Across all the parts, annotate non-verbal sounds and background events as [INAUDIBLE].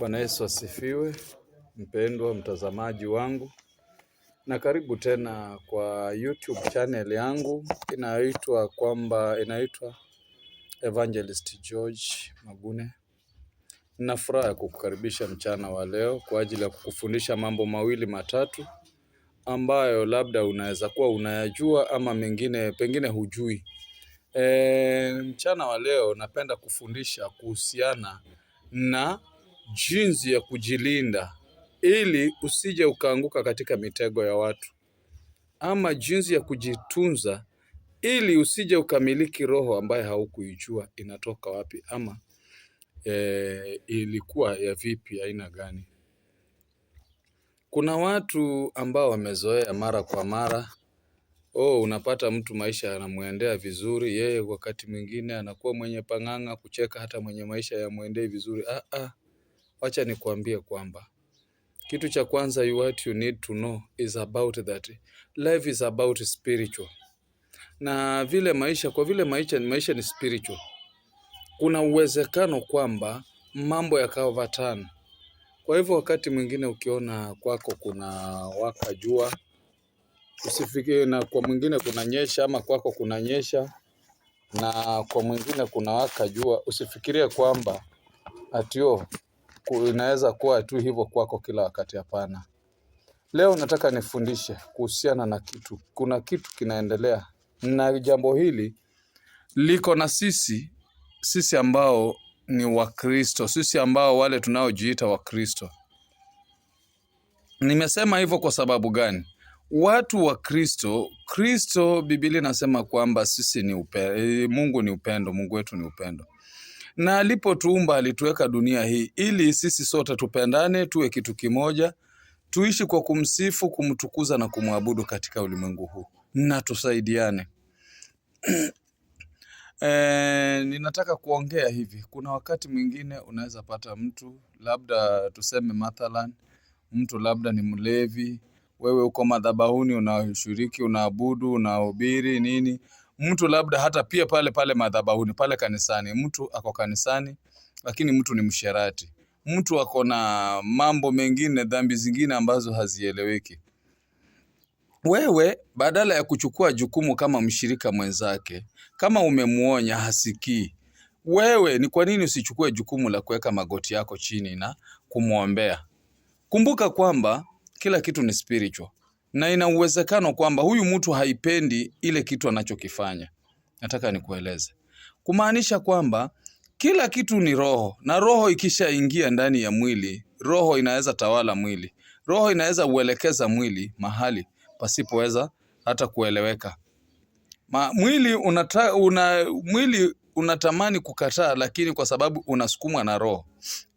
Bwana Yesu asifiwe, mpendwa mtazamaji wangu, na karibu tena kwa YouTube channel yangu inayoitwa kwamba inaitwa Evangelist George Magune. Nina furaha ya kukukaribisha mchana wa leo kwa ajili ya kukufundisha mambo mawili matatu ambayo labda unaweza kuwa unayajua ama mengine pengine hujui. E, mchana wa leo napenda kufundisha kuhusiana na jinsi ya kujilinda ili usije ukaanguka katika mitego ya watu, ama jinsi ya kujitunza ili usije ukamiliki roho ambaye haukuijua inatoka wapi ama e, ilikuwa ya vipi aina gani. Kuna watu ambao wamezoea mara kwa mara Oh, unapata mtu maisha yanamwendea vizuri, yeye wakati mwingine anakuwa mwenye pang'ang'a kucheka hata mwenye maisha yamwendei vizuri. Ah, ah wacha nikuambie kwamba kitu cha kwanza you what you need to know is about that life is about spiritual, na vile maisha, kwa vile maisha, maisha ni spiritual, kuna uwezekano kwamba mambo yakavatana. Kwa hivyo wakati mwingine ukiona kwako kuna waka jua usifikie, na kwa mwingine kuna nyesha, ama kwako kuna nyesha na kwa mwingine kuna waka jua, usifikirie kwamba atio oh, inaweza kuwa tu hivyo kwako kila wakati. Hapana. Leo nataka nifundishe kuhusiana na kitu. Kuna kitu kinaendelea na jambo hili liko na sisi, sisi ambao ni Wakristo, sisi ambao wale tunaojiita Wakristo. Nimesema hivyo kwa sababu gani? Watu wa Kristo, Kristo Biblia inasema kwamba sisi ni upe, eh, Mungu ni upendo, Mungu wetu ni upendo na alipotuumba alituweka dunia hii ili sisi sote tupendane, tuwe kitu kimoja, tuishi kwa kumsifu, kumtukuza na kumwabudu katika ulimwengu huu na tusaidiane. E, [CLEARS THROAT] ninataka kuongea hivi. Kuna wakati mwingine unaweza pata mtu labda tuseme mathalan, mtu labda ni mlevi, wewe uko madhabahuni, unashiriki, unaabudu, unahubiri nini, mtu labda hata pia pale pale madhabahuni pale kanisani, mtu ako kanisani lakini mtu ni msherati, mtu ako na mambo mengine, dhambi zingine ambazo hazieleweki. Wewe badala ya kuchukua jukumu kama mshirika mwenzake, kama umemwonya hasikii, wewe ni kwa nini usichukue jukumu la kuweka magoti yako chini na kumwombea? Kumbuka kwamba kila kitu ni spiritual na ina uwezekano kwamba huyu mtu haipendi ile kitu anachokifanya. Nataka nikueleze, kumaanisha kwamba kila kitu ni roho, na roho ikishaingia ndani ya mwili, roho inaweza tawala mwili, roho inaweza uelekeza mwili mahali pasipoweza hata kueleweka. Ma, mwili unata, una, mwili unatamani kukataa, lakini kwa sababu unasukumwa na roho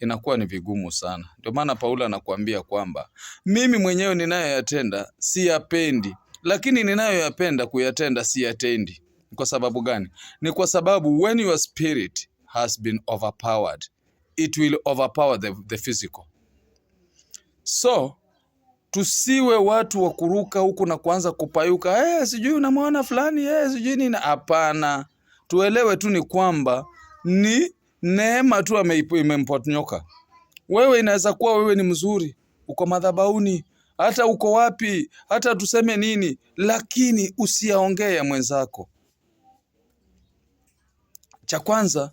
inakuwa ni vigumu sana. Ndio maana Paulo anakuambia kwamba mimi mwenyewe ninayoyatenda siyapendi, lakini ninayoyapenda kuyatenda siyatendi. Kwa sababu gani? Ni kwa sababu when your spirit has been overpowered it will overpower the, the physical. So tusiwe watu wa kuruka huku na kuanza kupayuka, eh, sijui unamwona fulani, eh, sijui nini. Hapana, tuelewe tu ni kwamba ni neema tu imemponyoka. Wewe inaweza kuwa wewe ni mzuri, uko madhabauni, hata uko wapi, hata tuseme nini, lakini usiyaongee ya mwenzako. Cha kwanza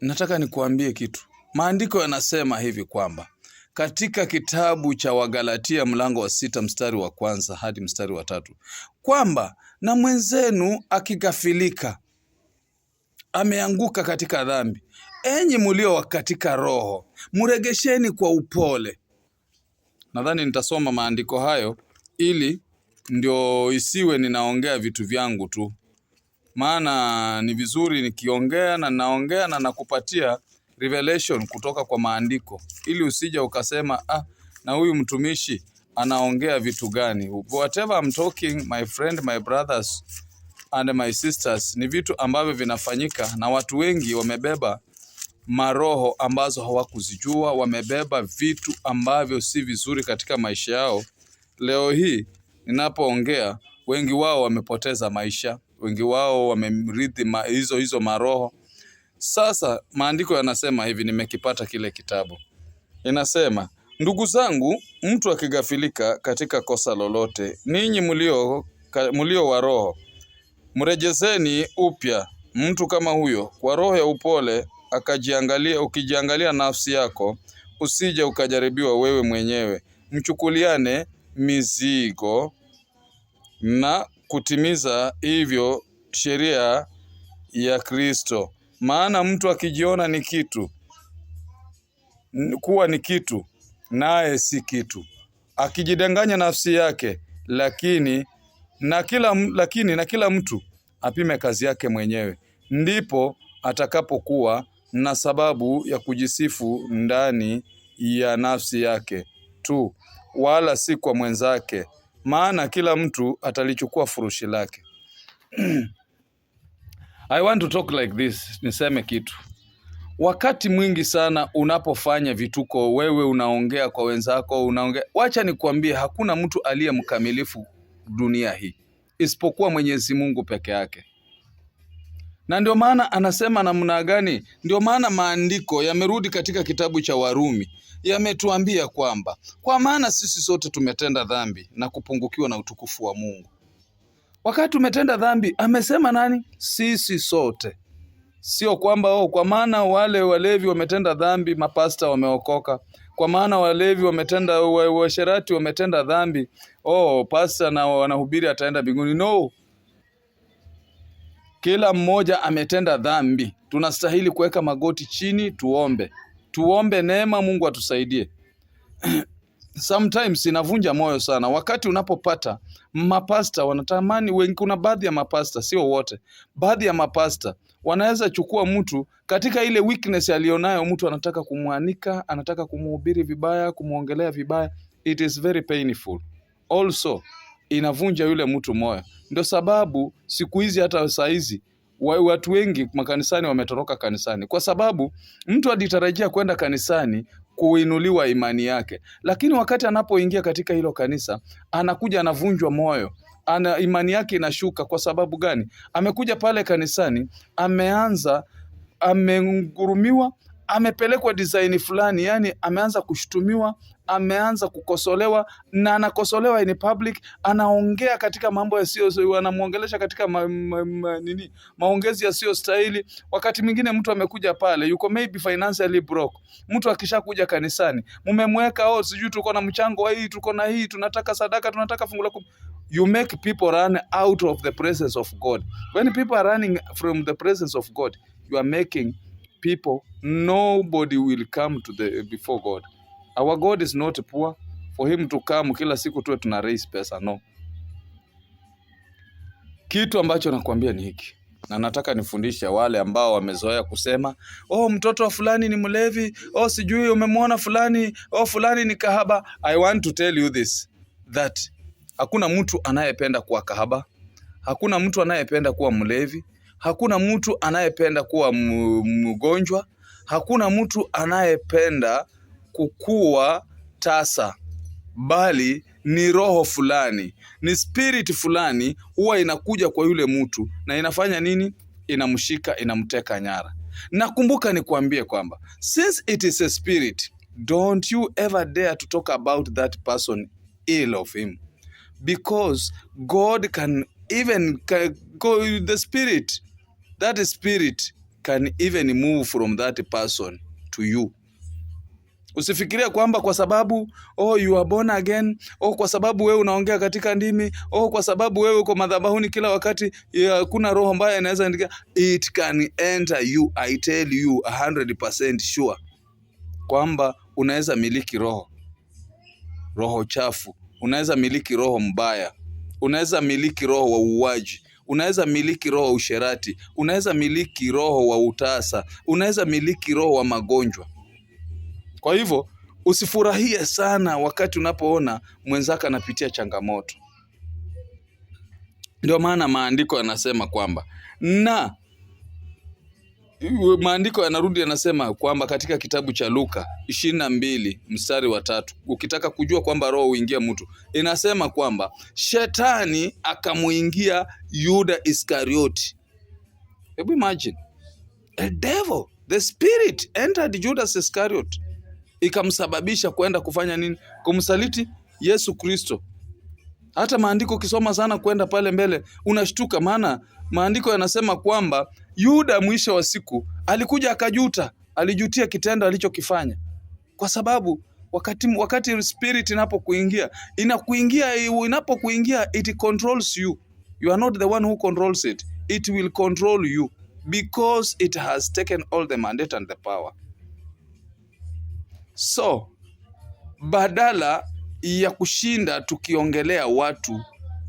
nataka nikuambie kitu. Maandiko yanasema hivi kwamba katika kitabu cha Wagalatia mlango wa sita mstari wa kwanza hadi mstari wa tatu kwamba na mwenzenu akigafilika ameanguka katika dhambi. Enyi mlio katika roho, mregesheni kwa upole. Nadhani nitasoma maandiko hayo ili ndio isiwe ninaongea vitu vyangu tu, maana ni vizuri nikiongea na naongea na nakupatia revelation kutoka kwa maandiko, ili usija ukasema ah, na huyu mtumishi anaongea vitu gani? Whatever I'm talking, my friend, my brothers and my sisters ni vitu ambavyo vinafanyika na watu wengi wamebeba maroho ambazo hawakuzijua, wamebeba vitu ambavyo si vizuri katika maisha yao. Leo hii ninapoongea, wengi wao wamepoteza maisha, wengi wao wamerithi ma hizo hizo maroho. Sasa maandiko yanasema hivi, nimekipata kile kitabu, inasema ndugu zangu, mtu akigafilika katika kosa lolote, ninyi mlio mlio wa roho mrejezeni upya mtu kama huyo kwa roho ya upole, akajiangalia ukijiangalia nafsi yako, usije ukajaribiwa wewe mwenyewe. Mchukuliane mizigo na kutimiza hivyo sheria ya Kristo. Maana mtu akijiona ni kitu kuwa ni kitu, naye si kitu, akijidanganya nafsi yake, lakini na kila, lakini na kila mtu apime kazi yake mwenyewe, ndipo atakapokuwa na sababu ya kujisifu ndani ya nafsi yake tu, wala si kwa mwenzake, maana kila mtu atalichukua furushi lake. [CLEARS THROAT] I want to talk like this, niseme kitu. Wakati mwingi sana unapofanya vituko, wewe unaongea kwa wenzako, unaongea. Wacha nikwambie, hakuna mtu aliye mkamilifu dunia hii isipokuwa Mwenyezi Mungu peke yake. Na ndio maana anasema namna gani? Ndio maana maandiko yamerudi katika kitabu cha Warumi yametuambia kwamba kwa maana sisi sote tumetenda dhambi na kupungukiwa na utukufu wa Mungu. Wakati tumetenda dhambi amesema nani? Sisi sote, sio kwamba oh, kwa maana wale walevi wametenda dhambi, mapasta wameokoka kwa maana walevi wametenda, washerati wametenda dhambi. Oh, pasta na wanahubiri ataenda mbinguni? No, kila mmoja ametenda dhambi. Tunastahili kuweka magoti chini, tuombe, tuombe neema, Mungu atusaidie. [CLEARS THROAT] Sometimes inavunja moyo sana wakati unapopata mapasta wanatamani wengi. Kuna baadhi ya mapasta, sio wote, baadhi ya mapasta wanaweza chukua mtu katika ile weakness aliyonayo mtu, anataka kumwanika, anataka kumuhubiri vibaya, kumwongelea vibaya. It is very painful also, inavunja yule mtu moyo. Ndio sababu siku hizi hata saa hizi watu wengi makanisani wametoroka kanisani, kwa sababu mtu alitarajia kwenda kanisani kuinuliwa imani yake, lakini wakati anapoingia katika hilo kanisa anakuja anavunjwa moyo ana imani yake inashuka. Kwa sababu gani? Amekuja pale kanisani, ameanza amengurumiwa amepelekwa design fulani, yani ameanza kushutumiwa, ameanza kukosolewa na anakosolewa in public, anaongea katika mambo yasiyo, anamwongelesha katika ma, ma, ma, nini maongezi yasiyo stahili. Wakati mwingine mtu amekuja pale yuko maybe financially broke. Mtu akishakuja kanisani mmemweka oh, sijui tuko na mchango wa hii, tuko na hii, tunataka sadaka, tunataka fungu la kumi. You make people run out of the presence of God. When people are running from the presence of God, you are making people nobody will come to the before God. Our God is not poor for him to come kila siku tuwe tuna raise pesa no. Kitu ambacho nakwambia ni hiki na nataka nifundishe wale ambao wamezoea kusema oh, mtoto wa fulani ni mlevi, oh, sijui umemwona fulani, oh, fulani ni kahaba. I want to tell you this that hakuna mtu anayependa kuwa kahaba, hakuna mtu anayependa kuwa mlevi, hakuna mtu anayependa kuwa mgonjwa, hakuna mtu anayependa kukua tasa, bali ni roho fulani, ni spirit fulani huwa inakuja kwa yule mtu na inafanya nini? Inamshika, inamteka nyara. Nakumbuka nikuambie kwamba since it is a spirit, don't you ever dare to talk about that person ill of him because God can even can go the spirit that spirit can even move from that person to you. Usifikiria kwamba kwa sababu oh, you are born again, oh, kwa sababu wewe unaongea katika ndimi, oh, kwa sababu wewe uko madhabahuni kila wakati, kuna roho mbaya inaweza ingia. It can enter you, I tell you 100% sure kwamba unaweza miliki roho roho chafu, unaweza miliki roho mbaya, unaweza miliki roho wa uuaji unaweza miliki roho wa usherati, unaweza miliki roho wa utasa, unaweza miliki roho wa magonjwa. Kwa hivyo usifurahie sana wakati unapoona mwenzako anapitia changamoto. Ndio maana maandiko yanasema kwamba na maandiko yanarudi yanasema kwamba katika kitabu cha Luka ishirini na mbili mstari wa tatu ukitaka kujua kwamba roho huingia mtu, inasema kwamba shetani akamuingia Yuda Iskarioti. Hebu imagine, a devil the spirit entered Judas Iscariot ikamsababisha kwenda kufanya nini? Kumsaliti Yesu Kristo. Hata maandiko ukisoma sana kwenda pale mbele unashtuka, maana maandiko yanasema kwamba Yuda mwisho wa siku alikuja akajuta, alijutia kitendo alichokifanya, kwa sababu wakati wakati spirit inapokuingia inakuingia, inapokuingia it controls you. You are not the one who controls it, it will control you because it has taken all the mandate and the power. So badala ya kushinda tukiongelea watu,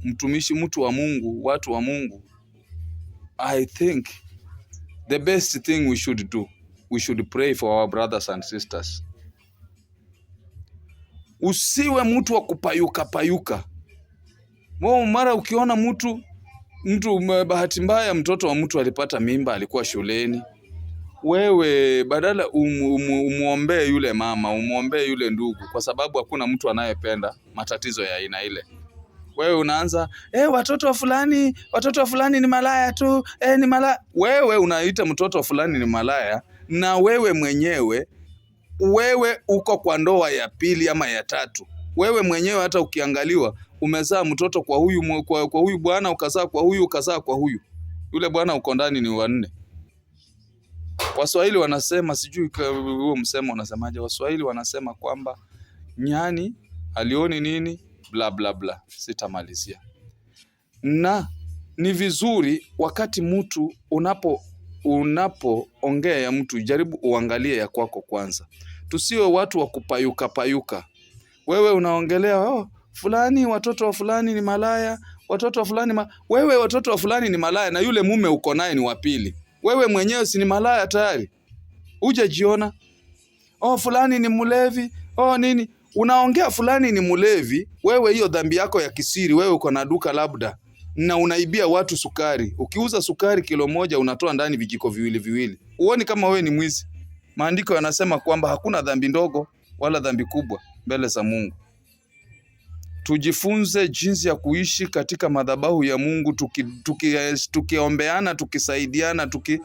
mtumishi, mtu wa Mungu, watu wa Mungu, I think the best thing we should do we should pray for our brothers and sisters. Usiwe mtu wa kupayuka payuka. Mo mara ukiona mtu mtu bahati mbaya, mtoto wa mtu alipata mimba, alikuwa shuleni wewe badala umu, um, umuombee yule mama, umuombee yule ndugu, kwa sababu hakuna mtu anayependa matatizo ya aina ile. Wewe unaanza eh, watoto wa fulani, watoto wa fulani ni malaya tu eh, ni malaya. Wewe unaita mtoto wa fulani ni malaya, na wewe mwenyewe wewe uko kwa ndoa ya pili ama ya tatu. Wewe mwenyewe hata ukiangaliwa umezaa mtoto kwa huyu, kwa, kwa huyu bwana ukazaa kwa huyu ukazaa kwa huyu, yule bwana uko ndani ni wanne. Waswahili wanasema sijui huo msemo unasemaje? Waswahili wanasema kwamba nyani alioni nini bla bla bla, sitamalizia. Na ni vizuri wakati mtu unapo unapoongea ya mtu jaribu uangalie ya kwako kwanza, tusiwe watu wa kupayuka payuka. Wewe unaongelea oh, fulani watoto wa fulani ni malaya, watoto wa fulani ma... wewe watoto wa fulani ni malaya, na yule mume uko naye ni wa pili. Wewe mwenyewe si ni malaya tayari, hujajiona? Oh, fulani ni mlevi, oh nini. Unaongea fulani ni mlevi, wewe hiyo dhambi yako ya kisiri. Wewe uko na duka labda na unaibia watu sukari, ukiuza sukari kilo moja unatoa ndani vijiko viwili viwili. Uoni kama wewe ni mwizi? Maandiko yanasema kwamba hakuna dhambi ndogo wala dhambi kubwa mbele za Mungu tujifunze jinsi ya kuishi katika madhabahu ya Mungu tuki, tuki, eh, tukiombeana, tukisaidiana, tuki